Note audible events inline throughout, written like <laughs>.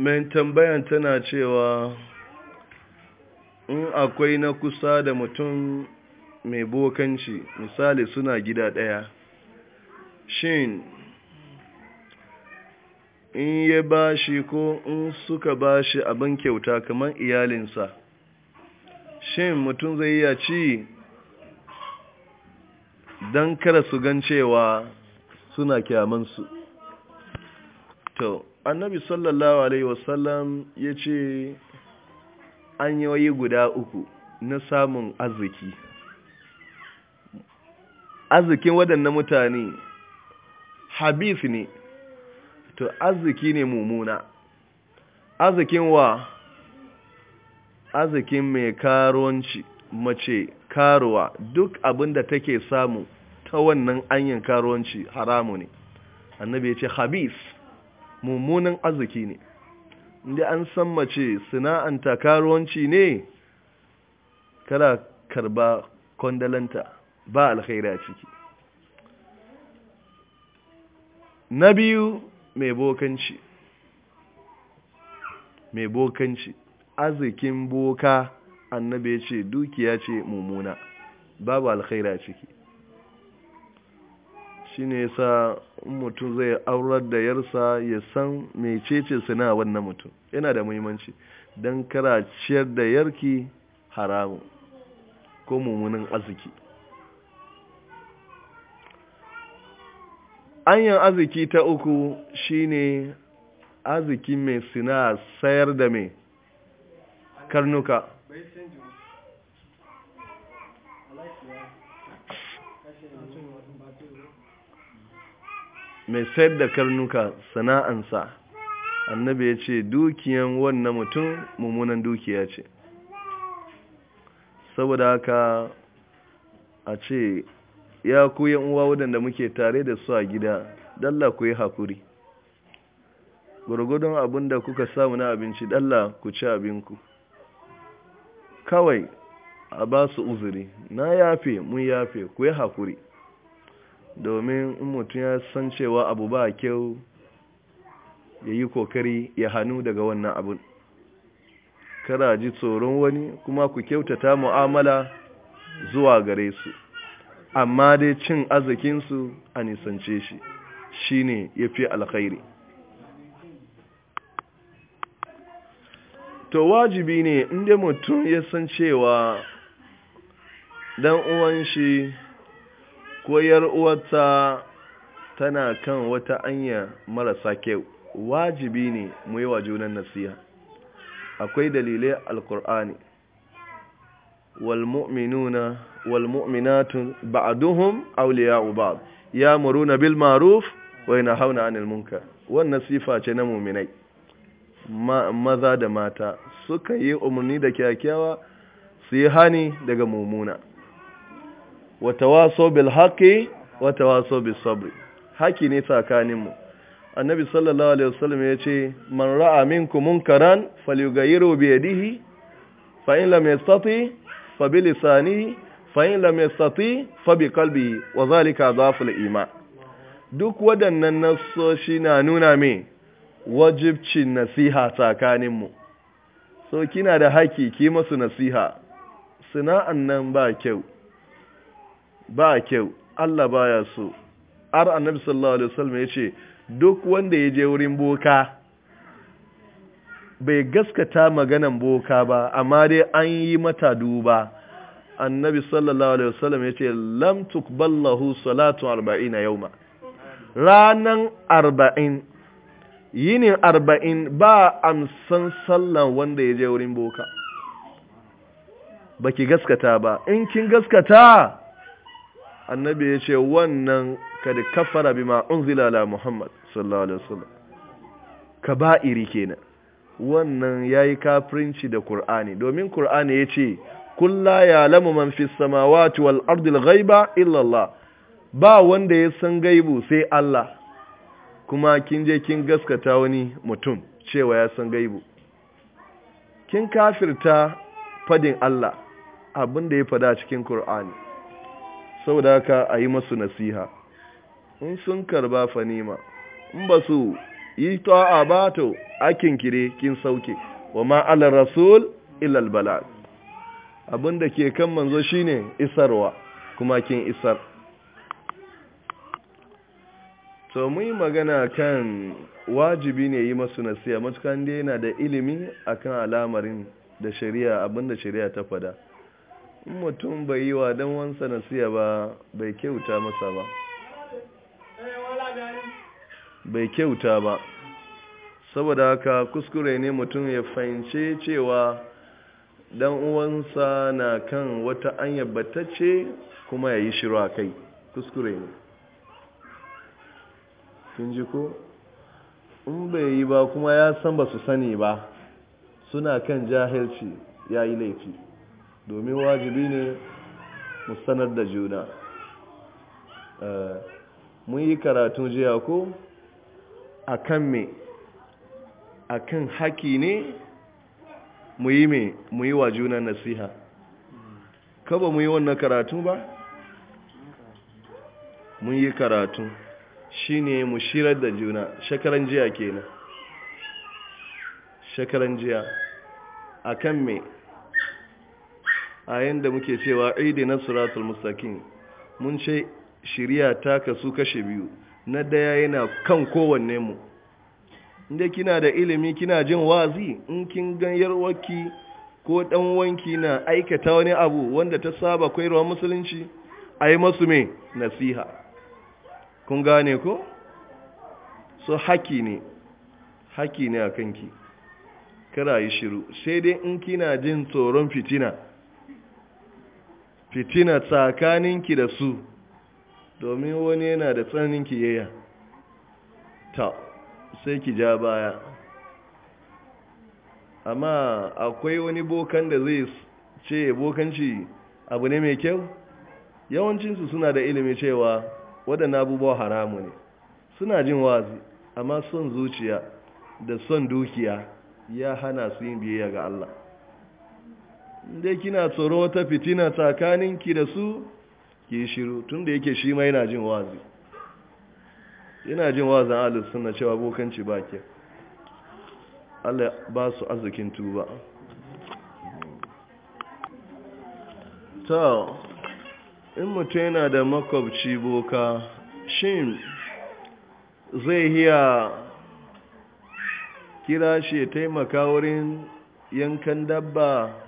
mai tambayan tana cewa in akwai na kusa da mutum mai bokanci misali suna gida ɗaya shin in ya ba shi ko in suka ba shi abin kyauta kamar iyalinsa shin mutum zai iya ci don kada su gan cewa suna kyamansu to annabi sallallahu alaihi wasallam ya ce hanyoyi guda uku na samun arziki arzikin waɗannan mutane habis ne to arziki ne mummuna arzikin wa arzikin mai karuwanci mace karuwa duk abinda take samu ta wannan anyan karuwanci haramu ne annabi ya ce habis mummunan arziki ne inda an san mace sana'anta karuwanci ne kada karba kwandalanta ba alkhairi ciki na biyu mai bokanci mai bokanci arzikin boka annabi ya ce dukiya ce mummuna babu alkhairi a ciki shi ne yasa mutum zai aurar da yarsa ya san mecece suna wannan mutum yana da muhimmanci don kara ciyar da yarki haramu ko mummunan arziki anyan arziki ta uku shine arziki mai sina sayar da mai karnuka mai sayar da karnuka sana'ansa annabi ya ce dukiyan wannan mutum mummunan dukiya ce saboda haka a ce ya ku uwa wadanda muke tare da su a gida dalla ku yi haƙuri gwargwadon abin da kuka samu na abinci dalla ku ci abinku kawai a ba su uzuri na yafe mun yafe ku yi haƙuri domin in mutum ya san cewa abu ba kyau ya yi kokari ya hannu daga wannan abun kada ji tsoron wani kuma ku kyautata mu'amala zuwa gare su amma dai cin arzikinsu a nisance shi shi ne ya fi alkhairi to wajibi ne inda mutum ya san cewa dan uwan shi ko uwarta tana kan wata anya marasa kyau wajibi ne mu yi wa junan nasiha akwai dalilai alkur'ani walmu'minuna walmu'minatun ba'duhum awliya'u ba'd ya'muruna bil ma'ruf wa yanhauna 'anil munkar wannan sifa ce na mu'minai maza da mata suka yi umarni da kyakkyawa su yi hani daga mumuna. wata waso bil haƙi wata waso bil sabri haƙi ne tsakaninmu annabi sallallahu alaihi wasallam ya ce man ra'a minkum munkaran falyughayyiru bi yadihi fa in lam yastati fa bi lisanihi fa in lam yastati fa bi qalbihi wa zalika dhaful iman duk waɗannan nasoshi na nuna me wajibcin nasiha tsakaninmu so kina da haƙi ki masu nasiha sana'an nan ba kyau ba kyau Allah baya so har annabi sallallahu alaihi wasallam ya ce duk wanda ya je wurin boka bai gaskata maganan boka ba amma dai an yi mata duba annabi sallallahu alaihi wasallam ya ce lam tuqballahu salatu 40 yawma ranan 40 yinin arba'in, ba amsan sallan wanda ya je wurin boka Ba ki gaskata ba in kin gaskata annabi ya ce wannan da kafara bima unzila zilala muhammad sallallahu alaihi wasallam iri kenan wannan ya yi kafirinci da Kur'ani, domin ya yace kulla lamu man fis samawati wal ardil ghaiba illallah ba wanda ya san gaibu sai allah kuma kin je kin gaskata wani mutum cewa ya san gaibu kin kafirta fadin allah abin da ya fada cikin Kur'ani. saboda haka a yi masu nasiha in sun karba fanima in ba su yi ta'a ba to akin kire kin sauke wa ma'alar rasul ilal balad abin ke kan manzo shine isarwa kuma kin isar to mu yi magana kan wajibi ne yi masu nasiha matukan dai yana da ilimi akan alamarin da shari'a abinda shari'a ta fada in mutum bai yi wa dan wansa nasiya ba bai kyauta masa ba bai kyauta ba saboda haka kuskure ne mutum ya fahimce cewa dan uwansa na kan wata anya batacce kuma ya yi shiru a kai kuskure ne kin ji ko in bai yi ba kuma ya san ba su sani ba suna kan jahilci ya yi laifi domin wajibi ne mu sanar da juna eh, mun yi karatun jiya ko a kan me a kan haƙi ne mu yi me mu yi wa juna nasiha kaba mu yi wannan karatu ba mun yi karatu shi ne mu shirar da juna shekaran jiya kenan shekaran jiya a kan me a yadda muke cewa aidi na suratul mustaqim mun ce shiriya ta kasu kashe biyu na daya yana kan kowanne mu inda kina da ilimi kina jin wazi in kin gan yarwarki ko dan wanki na aikata wani abu wanda ta saba koyarwa musulunci a yi masu mai nasiha kun gane ko so haki ne haki ne a kanki kara yi shiru sai dai in kina jin tsoron fitina fitina tsakaninki da su domin wani yana da tsananin kiyayya ta sai ki ja baya amma akwai wani bokan da zai ce bokanci abu ne mai kyau yawancinsu suna da ilimi cewa waɗanda abubuwa haramu ne suna jin wazi amma son zuciya da son dukiya ya hana su yin biyayya ga Allah inda kina tsoro wata fitina tsakaninki da su ki shiru tun da yake shi ma yana jin wazi yana jin wazin ahalus suna cewa bokanci ba ke allah ba su arzikin tuba ta in mutu yana da makwabci boka shin zai hiya kira shi taimaka wurin yankan dabba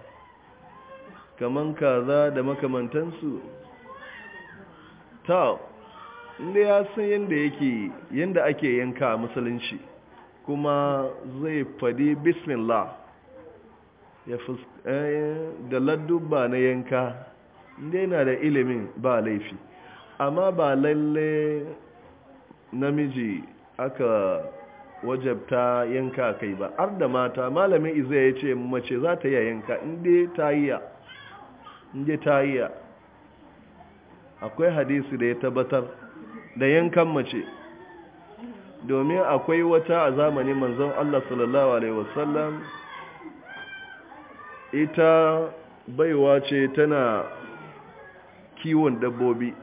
kaman kaza da makamantansu ta inda ya san yadda yake yadda ake yanka musulunci kuma zai fadi bismillah ya eh, da ladduba na yanka inda yana da ilimin ba laifi amma ba lalle namiji aka wajabta yanka kai ba arda mata malamin izai ya ce mace za ta yi yanka inda ta yi ya je ta yi akwai hadisi da ya tabbatar da yankan mace domin akwai wata a zamanin manzon Allah sallallahu alaihi wasallam ita baiwa ce tana kiwon dabbobi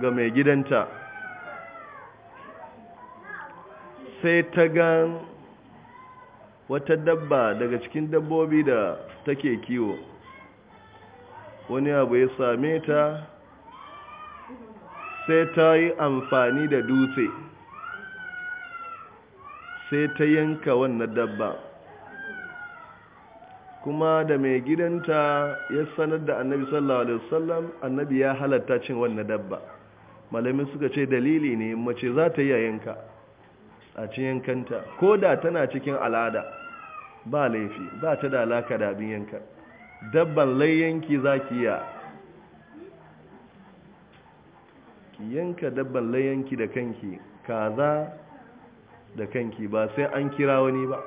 ga mai gidanta sai ta ga wata dabba daga cikin dabbobi da take kiwo wani abu ya same ta sai ta yi amfani da dutse sai ta yanka wannan dabba kuma da mai gidanta ya sanar da annabi sallallahu alaihi wasallam annabi ya halatta cin wannan dabba malamin suka ce dalili ne mace za ta yi yanka a cin yankanta ko da tana cikin al'ada ba laifi ba ta da alaka da abin yanka dabban layyanki za ki ya ki yanka dabban layyanki da kanki kaza da kanki ba sai an kira wani ba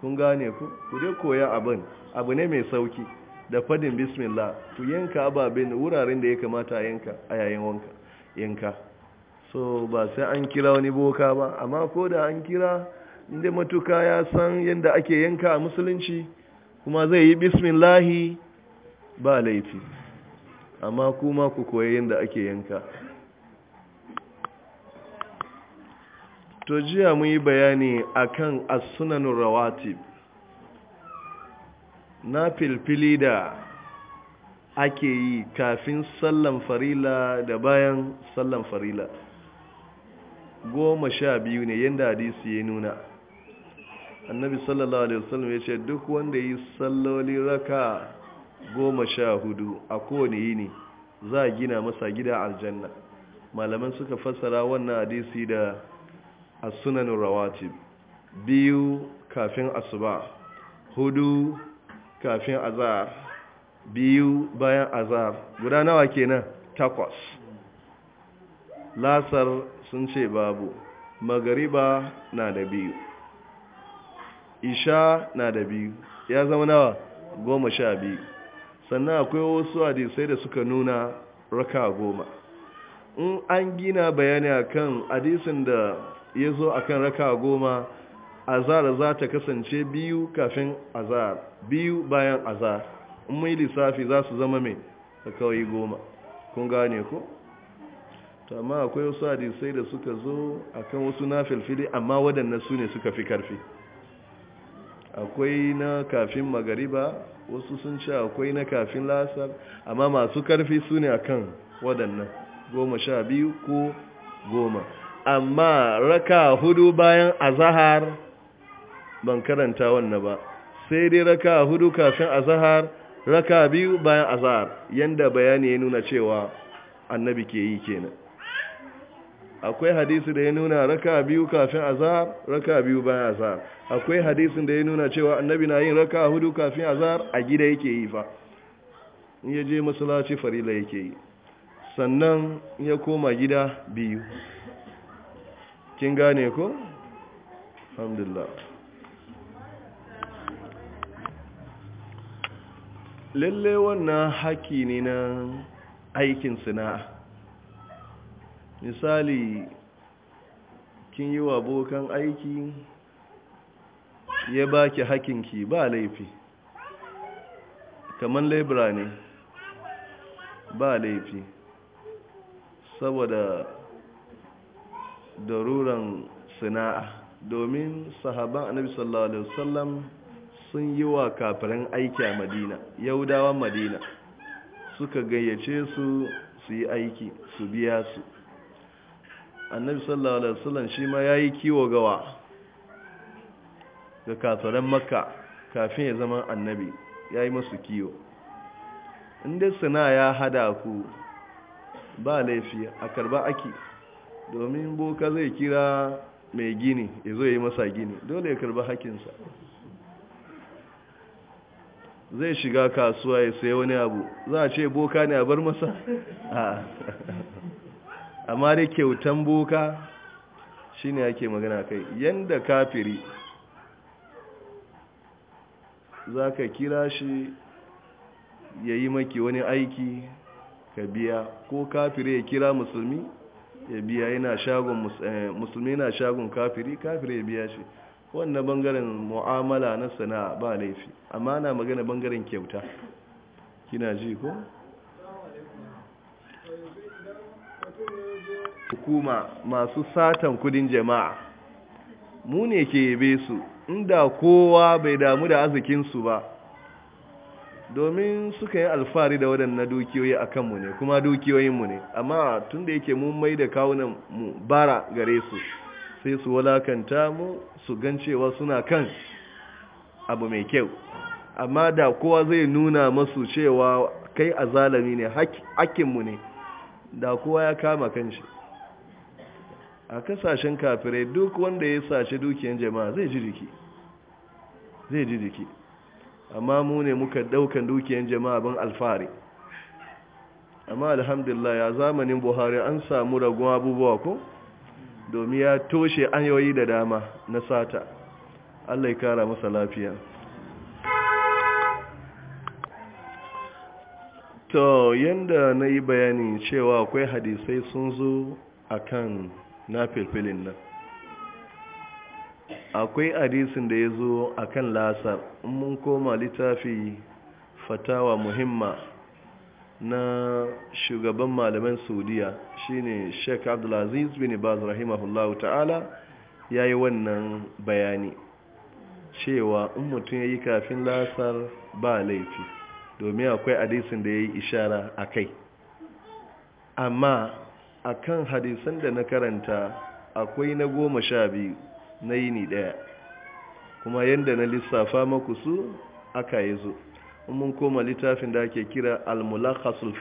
kun gane ku ku dai koya abin abu ne mai sauki da fadin bismillah ku yanka ababen wuraren da ya kamata yanka a yayin wanka yanka so ba sai an kira wani boka ba amma ko da an kira inda matuka ya san yadda ake yanka a musulunci kuma zai yi bismillahi ba laifi amma kuma ku koyi yadda ake yanka to jiya mun yi bayani akan as-sunanur rawatib na filfili da ake yi kafin sallan farila da bayan sallan farila goma sha biyu ne yadda hadisi ya nuna annabi sallallahu alaihi wasallam ya ce duk wanda yi salloli raka goma sha hudu a kowane yini za a gina masa gida aljanna malaman suka fassara wannan hadisi da as-sunan rawatib biyu kafin asuba hudu kafin azar biyu bayan azar guda nawa kenan takwas lasar sun ce babu magariba na da biyu isha na da biyu ya zama nawa goma sha biyu sannan akwai wasu hadisai da suka nuna raka goma in an gina bayani akan adisin da ya zo akan raka goma azar za ta kasance biyu kafin azar biyu bayan azar in mai lissafi za su zama mai da kawai goma kun gane ko amma akwai wasu hadisai da suka zo akan wasu na filfili amma waɗannan su ne suka fi karfi akwai na kafin magariba wasu sun ce akwai na kafin lasar amma masu karfi su ne akan waɗannan goma sha biyu ko goma amma raka hudu bayan azahar ban karanta wannan ba sai dai raka hudu kafin azahar raka biyu bayan azahar Yadda bayani ya nuna cewa annabi ke yi kenan akwai hadisi da ya nuna raka biyu kafin azar raka biyu bayan azar akwai hadisin da ya nuna cewa annabi na yin raka hudu kafin azar a gida yake yi fa in ya je masalaci farila yake yi sannan ya koma gida biyu kin gane ko alhamdulillah lalle wannan haƙi ne na aikin sana'a misali kin yi wa abokan aiki ya baki hakinki ba laifi kamar laibira ne ba laifi saboda daruran sana'a domin sahaban annabi sallallahu alaihi wasallam sun yi wa kafirin aiki a madina yaudawan madina suka gayyace su su yi aiki su biya su annabi sallallahu alaihi wasallam shi ma yayi kiwo gawa ga kafiran makka kafin ya zama annabi yayi musu kiwo inda suna ya hada ku ba laifi a karba ake domin boka zai kira mai gini ya zo yi masa gini dole ya karba hakinsa zai shiga kasuwa ya sayi wani abu za a ce boka ne a bar masa <laughs> amma dai kyautan boka shine ake magana kai yadda kafiri za ka kira shi ya yi maki wani aiki ka biya ko kafiri ya kira musulmi ya biya yana shagon eh, musulmi yana shagon kafiri kafiri ya biya shi wannan bangaren mu'amala na sana'a ba laifi amma na magana bangaren kyauta kina ji ko hukuma masu satan kudin jama'a mu ne ke yabe su inda kowa bai damu da arzikinsu ba domin suka yi alfari da waɗannan dukiyoyi a kanmu ne kuma dukiyoyinmu ne amma tun da yake mun mai da kawunan mu bara gare su sai su walakanta mu su gan cewa suna kan abu mai kyau amma da kowa zai nuna masu cewa kai a zalami ne hakkinmu ne da kowa ya kama kanshi a kasashen kafirai duk wanda ya sace dukiyar jama'a zai ji jiki zai ji jiki amma mu ne muka daukan dukiyar jama'a ban alfari amma alhamdulillah ya zamanin buhari an samu ragon abubuwa ko domin ya toshe anyoyi da dama na sata allah kara masa lafiya to yanda na yi bayani cewa akwai hadisai sun zo a akan na filfilin nan akwai hadisin da ya zo a kan lasar mun koma littafi fatawa muhimma na shugaban malaman saudiya shine sheikh abdulaziz bin baz rahimahullahu ta'ala ya yi wannan bayani cewa in mutum ya yi kafin lasar ba laifi domin akwai hadisin da ya yi ishara a kai amma a kan hadisan da na karanta akwai na goma sha biyu na yini ɗaya kuma yadda na lissafa maku su aka yi zo mun koma littafin da ake kira al-mulakhasul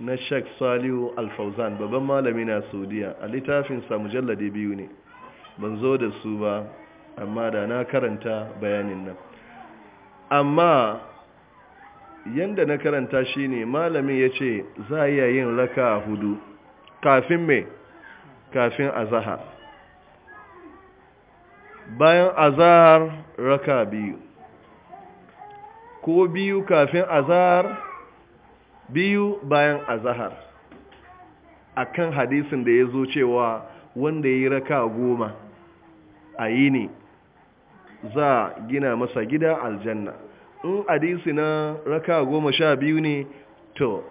na Sheikh Salihu Al-Fauzan babban malami na Saudiya a littafin sa mujalladi biyu ne ban zo da su ba amma da na karanta bayanin nan amma yanda na karanta shine malamin yace za iya yin raka hudu kafin mai kafin azahar bayan azahar raka biyu ko biyu kafin azahar biyu bayan azahar kan hadisin da ya zo cewa wanda ya raka goma a yi ne za gina masa gida aljanna in hadisi na raka goma sha biyu ne to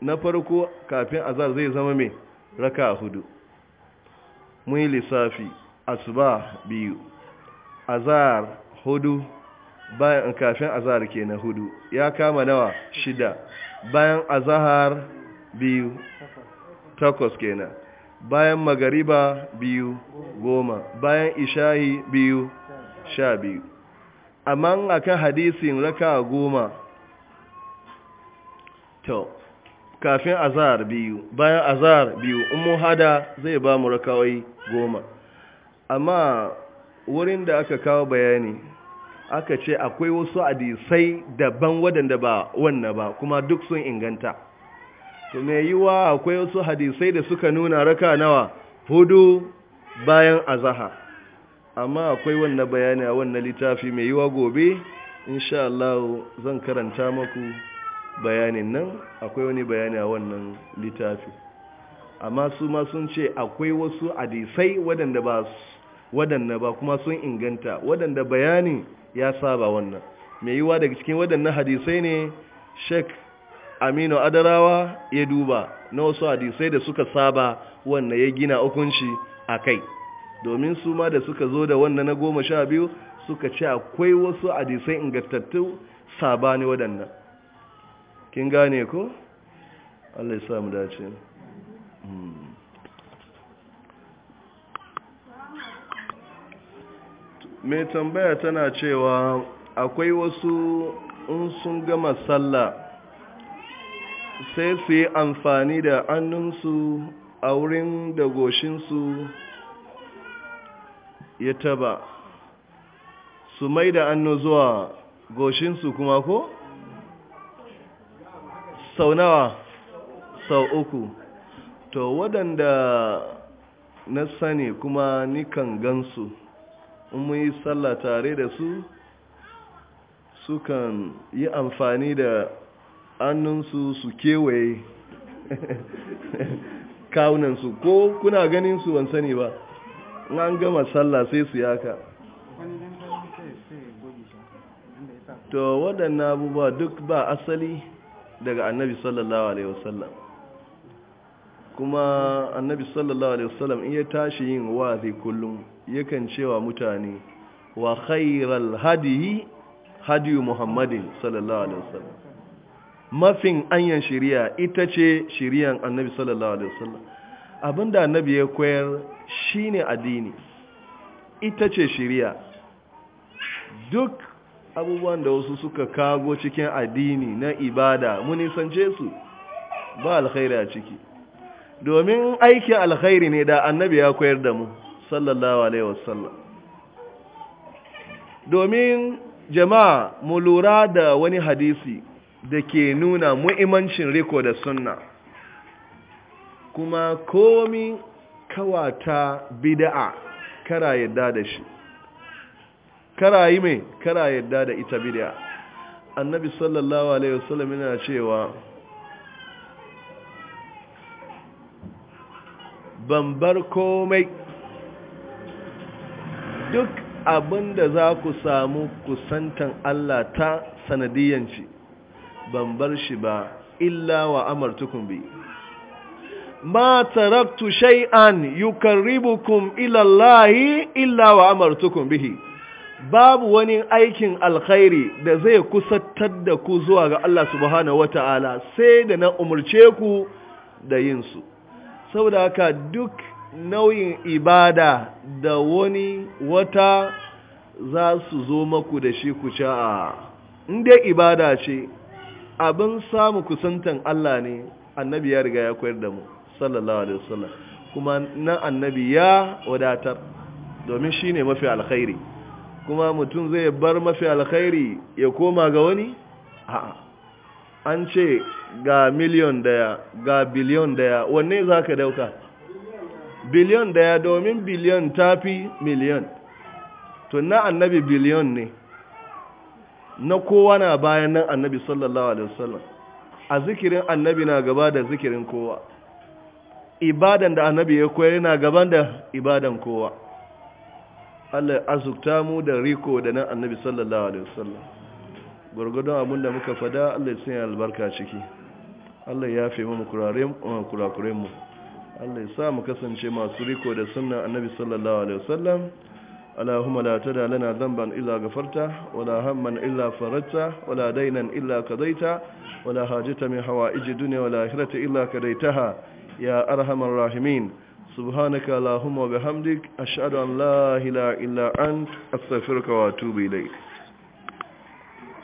na farko kafin azahar zai zama mai raka hudu mun lissafi asuba biyu azar hudu bayan kafin azar ke na hudu ya kama nawa shida bayan azahar biyu takwas kenan bayan magariba biyu goma bayan ishahi biyu sha biyu amma akan hadisin raka goma to kafin zahar biyu bayan zahar biyu in mun hada zai ba mu rakawai goma amma wurin da aka kawo bayani aka ce akwai wasu hadisai daban waɗanda ba wannan ba kuma duk sun inganta to me yiwa akwai wasu hadisai da suka nuna raka nawa hudu bayan azaha amma akwai wannan bayani a wannan littafi mai yiwa gobe insha Allah zan karanta maku bayanin nan akwai wani bayani a wannan littafi amma su ma sun ce akwai wasu adisai waɗanda ba waɗanda ba kuma sun inganta waɗanda bayani ya saba wannan mai yiwa daga cikin waɗannan hadisai ne shek aminu adarawa ya duba na wasu hadisai da suka saba wannan ya gina hukunci a kai domin su ma da suka zo da wannan na goma sha biyu suka ce akwai wasu adisai ingantattu sabani waɗannan kin gane ko Allah ya samu dace hmm. mai tambaya tana cewa akwai wasu in sun gama sallah sai su yi amfani da annunsu a wurin da goshinsu ya taba su mai da annu zuwa goshinsu kuma ko? sau nawa sau uku to waɗanda na sani kuma nikan gansu in mun yi sallah tare da su su kan yi amfani da annunsu su kewaye <laughs> kawunansu ko kuna ganin su ban sani ba na an gama sallah sai su yaka to waɗannan abubuwa duk ba asali daga annabi sallallahu alaihi wasallam kuma annabi sallallahu alaihi wasallam in ya tashi yin wazi kullum yakan cewa mutane wa khairal hadi hadi muhammadin sallallahu alaihi wasallam mafin anyan shari'a ita ce shari'an annabi sallallahu alaihi wasallam abinda annabi ya koyar shine addini ita ce shari'a duk abubuwan da wasu suka kago cikin addini na ibada san su ba alkhairi a ciki domin aikin alkhairi ne da annabi ya koyar da mu sallallahu alaihi wasallam domin jama'a mu lura da wani hadisi da ke nuna mu'imancin riko da sunna kuma komi kawata bid'a kara yadda da shi kara yi mai kara yadda da ita bidiya annabi sallallahu alaihi wasallam yana cewa ban bar komai duk abin da za ku samu kusantan Allah ta sanadiyanci ban bar shi ba illa wa amartukun bi ma taraktu shay'an yukarribukum ila Allah illa wa amartukun bihi babu wani aikin alkhairi da zai kusantar da ku zuwa ga Allah subhanahu wata'ala sai da na umarce ku da yin su saboda haka duk nauyin ibada da wani wata za su zo maku da shi ku ca'a inda ibada ce abin samu kusantan Allah ne annabi ya riga ya koyar da mu sallallahu alaihi wasallam kuma nan annabi ya wadatar domin shine mafi alkhairi kuma mutum zai bar mafi alkhairi ya koma ga wani an ce ga miliyon daya ga biliyon daya wanne za ka dauka biliyon daya domin biliyon tafi miliyon to na annabi biliyon ne na kowa na bayan nan annabi sallallahu alaihi wasallam a zikirin annabi na gaba da zikirin kowa ibadan da annabi ya koyar na gaban da ibadan kowa Allah ya azukta mu da riko da nan annabi sallallahu alaihi wasallam gurgudun abin da muka fada Allah ya sanya albarka ciki Allah ya fi mu kurakuren mu Allah ya sa mu kasance masu riko da sunna annabi sallallahu alaihi wasallam اللهم لا تدع لنا ذنبا إلا غفرته ولا هما إلا فرجته ولا دينا إلا قضيته ولا حاجة من حوائج الدنيا والآخرة إلا كديتها ya arhamar rahimin. subhanaka allahumma wa bihamdik ashhadu an la ilaha illa ant astaghfiruka wa atubu